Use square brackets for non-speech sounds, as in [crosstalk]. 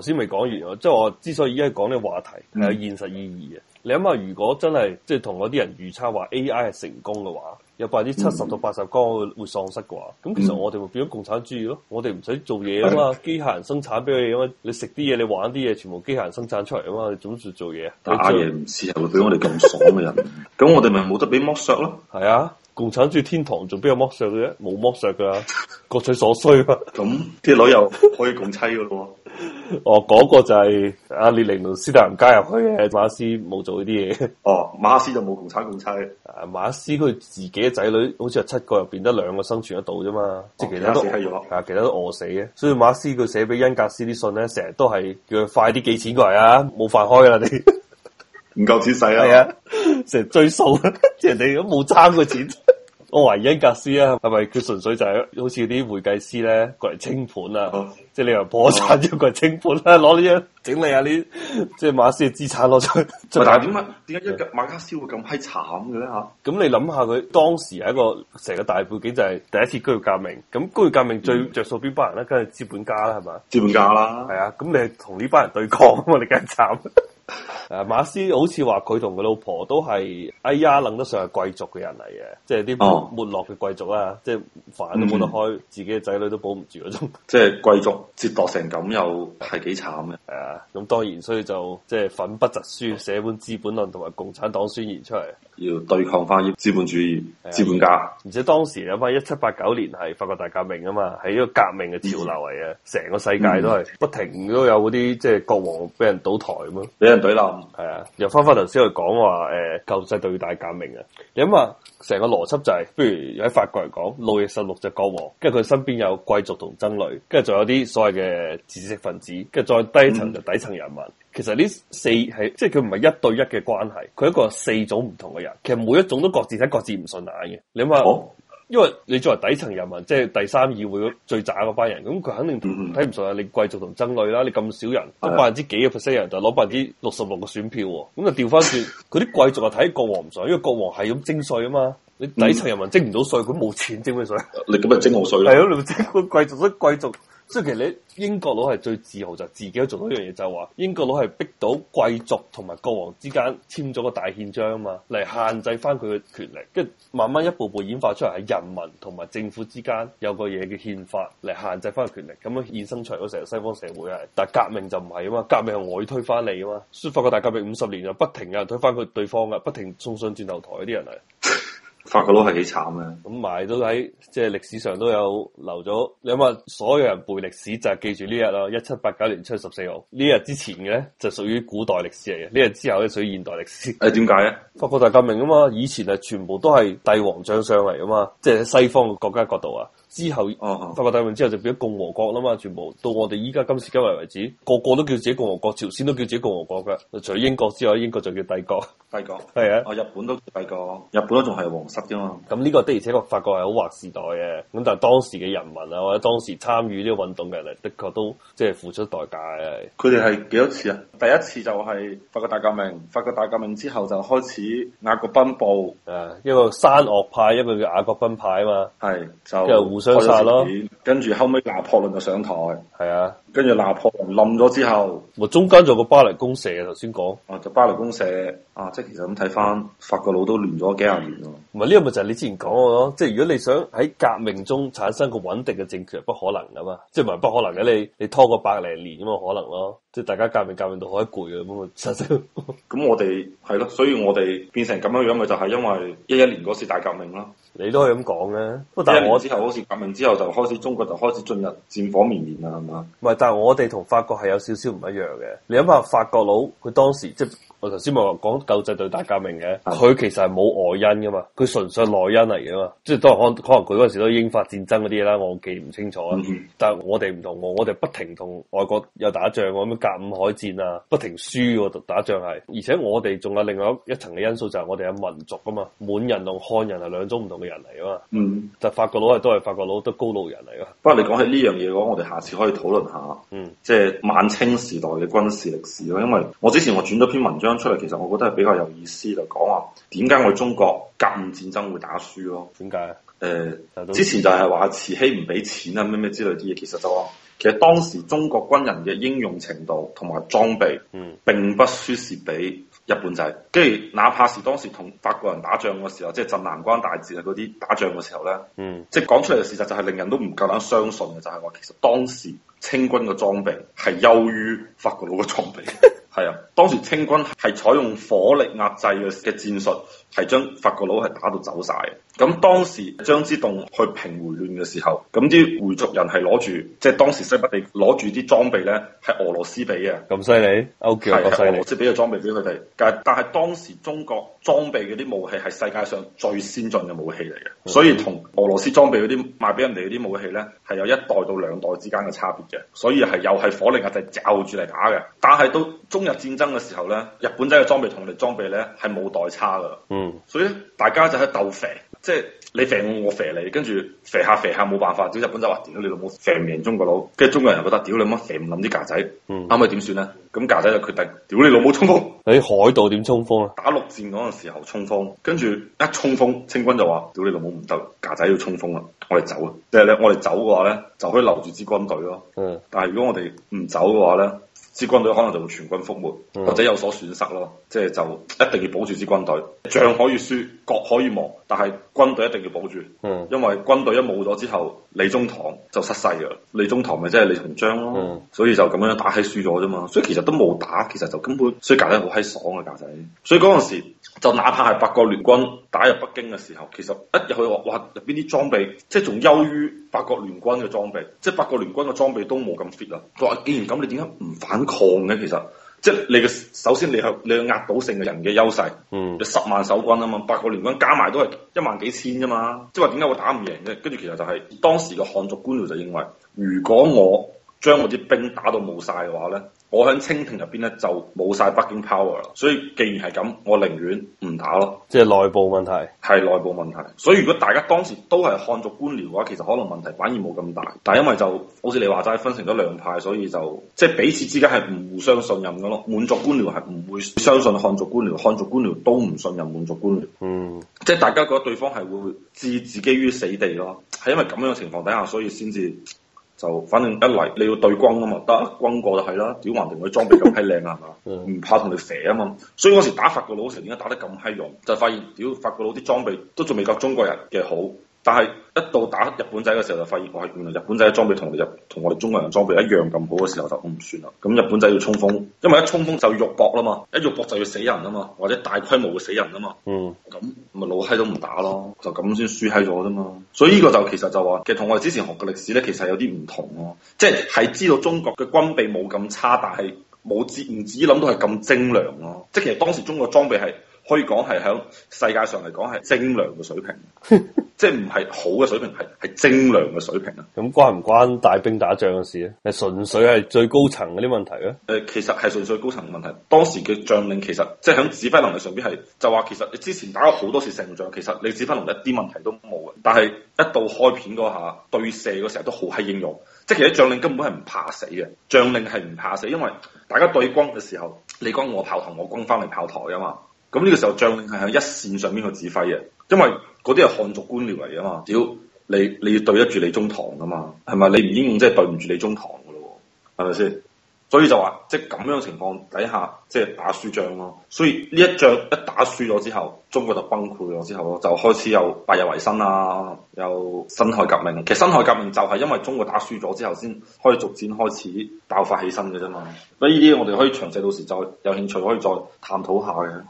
頭先未講完啊，即係我之所以而家講呢個話題係、嗯、有現實意義嘅。你諗下，如果真係即係同嗰啲人預測話 A I 係成功嘅話，有百分之七十到八十工會喪失嘅話，咁、嗯、其實我哋會變咗共產主義咯。我哋唔使做嘢啊嘛，嗯、機械人生產俾佢咁啊。你食啲嘢，你玩啲嘢，全部機械人生產出嚟啊嘛，你做乜做嘢打嘢唔似係會俾我哋咁爽嘅人，咁 [laughs] 我哋咪冇得俾剝削咯。係啊。共產主義天堂仲邊有剝削嘅啫，冇剝削噶、啊，各取所需啦。咁啲女又可以共妻噶咯？ [laughs] 哦，嗰、那個就係阿列寧同斯大林加入去嘅， [laughs] 嗯、馬斯，冇做呢啲嘢。哦，馬斯就冇共產共妻。誒、啊，馬克思佢自己嘅仔女，好似係七個入邊得兩個生存得到啫嘛，哦、即係其他都係啊，其他,其他都餓死嘅。所以馬斯佢寫俾恩格斯啲信咧，成日都係叫佢快啲寄錢過嚟啊，冇飯開啦你。唔夠錢使啊！成日追數啊！即係人哋都冇爭過錢。 [laughs] 我懷疑恩格斯係咪啊，係咪佢純粹就係好似啲會計師咧過嚟清盤啊？即係你又破產，過嚟清盤啦，攞啲嘢整理啊，啲即係馬斯嘅資產攞出去。 [laughs] 但係點解？點解一個馬克思會咁閪慘嘅咧？吓咁 [laughs] [laughs] 你諗下，佢當時係一個成個大背景就係第一次工業革命。咁工業革命最着數邊班人咧？梗係資本家啦，係咪？資本家啦。係啊，咁你係同呢班人對抗啊嘛？你梗係慘。誒，馬斯好似話佢同佢老婆都係，哎呀，能得上係貴族嘅人嚟嘅，即係啲沒落嘅貴族啊，即係飯都冇得開，自己嘅仔女都保唔住嗰種，即係貴族折墮成咁又係幾慘嘅。係啊，咁當然，所以就即係粉筆疾書寫本《資本論》同埋《共產黨宣言》出嚟，要對抗翻依資本主義、資本家。而且當時諗翻一七八九年係法國大革命啊嘛，係一個革命嘅潮流嚟嘅，成個世界都係不停都有嗰啲即係國王俾人倒台咁咯。對啦，係啊、嗯，又翻翻頭先去講話，誒，舊制度要大革命啊。你諗下，成個邏輯就係、是，譬如有喺法國嚟講，路易十六就國王，跟住佢身邊有貴族同僧侶，跟住仲有啲所謂嘅知識分子，跟住再低層就底層人民。嗯、其實呢四係，即係佢唔係一對一嘅關係，佢一個四種唔同嘅人，其實每一種都各自睇各自唔順眼嘅。你諗下。哦因為你作為底層人民，即係第三議會最渣嗰班人，咁佢肯定睇唔順啊！嗯、上你貴族同僧侶啦，你咁少人，得的百分之幾嘅 percent 人就攞百分之六十六嘅選票，咁就調翻轉，嗰啲 [laughs] 貴族啊睇國王唔順，因為國王係咁徵稅啊嘛，你底層人民徵唔到稅，佢冇錢徵咩稅，嗯、 [laughs] 你咁咪徵我稅咯？係咯，你咪徵個貴族咯，貴族。貴族即係其實英國佬係最自豪就自己都做到一樣嘢，就係話英國佬係逼到貴族同埋國王之間簽咗個大憲章啊嘛，嚟限制翻佢嘅權力，跟住慢慢一步步演化出嚟係人民同埋政府之間有個嘢嘅憲法嚟限制翻個權力，咁樣衍生出嚟嗰成個西方社會啊。但係革命就唔係啊嘛，革命係我推翻你啊嘛，所以法國大革命五十年就不停有人推翻佢對方嘅，不停送上斷頭台啲人嚟。法國佬係幾慘嘅，咁、嗯、埋都喺即係歷史上都有留咗。你諗下，所有人背歷史就係記住呢日咯，一七八九年七月十四號呢日之前嘅咧就屬於古代歷史嚟嘅，呢日之後咧屬於現代歷史。誒、欸，點解咧？法國大革命啊嘛，以前係全部都係帝王將相嚟啊嘛，即係西方嘅國家角度啊。之後，法國大革命之後就變咗共和國啦嘛，全部到我哋依家今時今日為止，個個都叫自己共和國，朝鮮都叫自己共和國㗎，除英國之外，英國就叫帝國。大國係啊！哦，日本都大國，日本都仲係皇室啫嘛。咁呢個的而且確法國係好劃時代嘅。咁但係當時嘅人民啊，或者當時參與呢個運動嘅人嚟，的確都即係付出代價。佢哋係幾多次啊？第一次就係法國大革命，法國大革命之後就開始雅各賓布，啊，一個山岳派，一個叫雅各賓派啊嘛。係就互相殺咯。跟住後尾拿破崙就上台，係啊。跟住拿破崙冧咗之後，我、啊、中間仲有個巴黎公社啊。頭先講啊，就巴黎公社啊。啊其實咁睇翻，法國佬都亂咗幾廿年咯。唔係呢個咪就係你之前講嘅咯。即係如果你想喺革命中產生個穩定嘅政權，不可能噶嘛。即係唔係不可能嘅，你你拖個百零年咁啊可能咯。即係大家革命革命到好攰嘅咁啊。咁我哋係咯，所以我哋變成咁樣樣嘅，就係因為一一年嗰次大革命咯。你都係咁講嘅。不過但係我之後好似革命之後就開始，中國就開始進入戰火綿綿啦，係嘛？唔係，但係我哋同法國係有少少唔一樣嘅。你諗下法國佬佢當時即係。我頭先咪話講舊制對大革命嘅，佢其實係冇外因噶嘛，佢純粹內因嚟噶嘛，即係都係可可能佢嗰陣時都英法戰爭嗰啲嘢啦，我記唔清楚。嗯、但係我哋唔同喎，我哋不停同外國有打仗喎，咁樣甲午海戰啊，不停輸喎，打仗係。而且我哋仲有另外一層嘅因素就係我哋有民族噶嘛，滿人同漢人係兩種唔同嘅人嚟噶嘛。嗯，就法國佬係都係法國佬都高盧人嚟㗎。不過你講起呢樣嘢嘅話，我哋下次可以討論下。嗯，即係晚清時代嘅軍事歷史咯，因為我之前我轉咗篇文章。出嚟，其實我覺得係比較有意思就講話，點解我中國甲午戰爭會打輸咯？點解？誒、呃，之前就係話慈禧唔俾錢啊，咩咩之類啲嘢。其實就話，其實當時中國軍人嘅應用程度同埋裝備，並不輸蝕俾日本仔。跟住、嗯，哪怕是當時同法國人打仗嘅時候，即係鎮南關大捷啊嗰啲打仗嘅時候咧，嗯、即係講出嚟嘅事實就係令人都唔夠膽相信嘅，就係、是、話其實當時清軍嘅裝備係優於法國佬嘅裝備。 [laughs] 係啊，當時清軍係採用火力壓制嘅嘅戰術，係將法國佬係打到走晒。咁當時張之洞去平回亂嘅時候，咁啲回族人係攞住，即係當時西北地攞住啲裝備咧，係俄羅斯俾嘅，咁犀利，OK，係俄羅斯俾嘅裝備俾佢哋。但係但係當時中國裝備嗰啲武器係世界上最先進嘅武器嚟嘅，所以同俄羅斯裝備嗰啲賣俾人哋嗰啲武器咧，係有一代到兩代之間嘅差別嘅，所以係又係火力壓制，罩、就是、住嚟打嘅。但係到中日戰爭嘅時候咧，日本仔嘅裝備同我哋裝備咧係冇代差噶，嗯，所以咧大家就喺鬥肥。即係你射，我，我射你，跟住射下射下冇辦法。屌日本仔話：，屌你老母，射唔贏中國佬。跟住中國人又覺得：，屌你媽，射唔冧啲架仔。嗯，啱咪點算咧？咁架仔就決定：，屌你老母衝鋒！喺、哎、海島點衝鋒啊？打陸戰嗰陣時候衝鋒，跟住一衝鋒，清軍就話：，屌你老母唔得，架仔要衝鋒啦！我哋走啊！即係咧，我哋走嘅話咧，就可以留住支軍隊咯。嗯，但係如果我哋唔走嘅話咧。支軍隊可能就會全軍覆沒，或者有所損失咯。即係就一定要保住支軍隊，仗可以輸，國可以亡，但係軍隊一定要保住。嗯、因為軍隊一冇咗之後，李中堂就失勢噶。李中堂咪即係李鴻章咯，嗯、所以就咁樣打起輸咗啫嘛。所以其實都冇打，其實就根本。所以架仔好閪爽啊，架仔。所以嗰陣時。就哪怕係八國聯軍打入北京嘅時候，其實一入去話，哇入邊啲裝備，即係仲優於八國聯軍嘅裝備，即係八國聯軍嘅裝備都冇咁 fit 啦。佢話既然咁，你點解唔反抗呢？其實，即係你嘅首先你係你有壓倒性嘅人嘅優勢，嗯，有十萬守軍啊嘛，八國聯軍加埋都係一萬幾千咋嘛，即係話點解會打唔贏呢？跟住其實就係、是、當時嘅漢族官僚就認為，如果我將我啲兵打到冇晒嘅話呢，我喺清廷入邊呢就冇晒北京 power 啦。所以既然係咁，我寧願唔打咯。即係內部問題，係內部問題。所以如果大家當時都係漢族官僚嘅話，其實可能問題反而冇咁大。但係因為就好似你話齋，分成咗兩派，所以就即係彼此之間係唔互相信任㗎咯。滿族官僚係唔會相信漢族官僚，漢族官僚都唔信任滿族官僚。嗯，即係大家覺得對方係會置自己於死地咯。係因為咁樣嘅情況底下，所以先至。就反正一嚟你要對轟啊嘛，得轟過就係啦。屌橫掂佢裝備咁閪靚啊，係嘛？ [laughs] 唔怕同你射啊嘛。所以嗰時打法國佬成日打得咁閪用，就是、發現屌法國佬啲裝備都仲未夠中國人嘅好。但係一到打日本仔嘅時候，就發現我係原來日本仔嘅裝備同我哋同我哋中國人裝備一樣咁好嘅時候，就唔算啦。咁日本仔要衝鋒，因為一衝鋒就要肉搏啦嘛，一肉搏就要死人啊嘛，或者大規模嘅死人啊嘛。嗯，咁咪老閪都唔打咯，就咁先輸喺咗啫嘛。所以呢個就其實就話，其實同我哋之前學嘅歷史咧，其實有啲唔同咯。即係知道中國嘅軍備冇咁差，但係冇只唔止諗到係咁精良咯。即係其實當時中國裝備係可以講係響世界上嚟講係精良嘅水平。 [laughs] 即係唔係好嘅水平，係係精良嘅水平啊！咁、嗯、關唔關帶兵打仗嘅事咧？係純粹係最高層嗰啲問題咧？誒、呃，其實係純粹高層嘅問題。當時嘅將領其實即係喺指揮能力上邊係，就話其實你之前打過好多次勝仗，其實你指揮能力一啲問題都冇嘅。但係一到開片嗰下對射嗰時候都好閪英勇。即係其實將領根本係唔怕死嘅。將領係唔怕死，因為大家對轟嘅時候，你轟我炮頭，我轟翻嚟炮台啊嘛。咁呢個時候將領係喺一線上邊去指揮嘅，因為。嗰啲係漢族官僚嚟啊嘛，屌你你要對得住你中堂噶嘛，係咪？你唔應應即係對唔住你中堂噶咯喎，係咪先？所以就話即係咁樣情況底下，即係打輸仗咯。所以呢一仗一打輸咗之後，中國就崩潰咗之後咯，就開始有百日維新啦，有辛亥革命。其實辛亥革命就係因為中國打輸咗之後，先開始逐漸開始爆發起身嘅啫嘛。所以呢啲我哋可以詳細到時再有興趣可以再探討下嘅。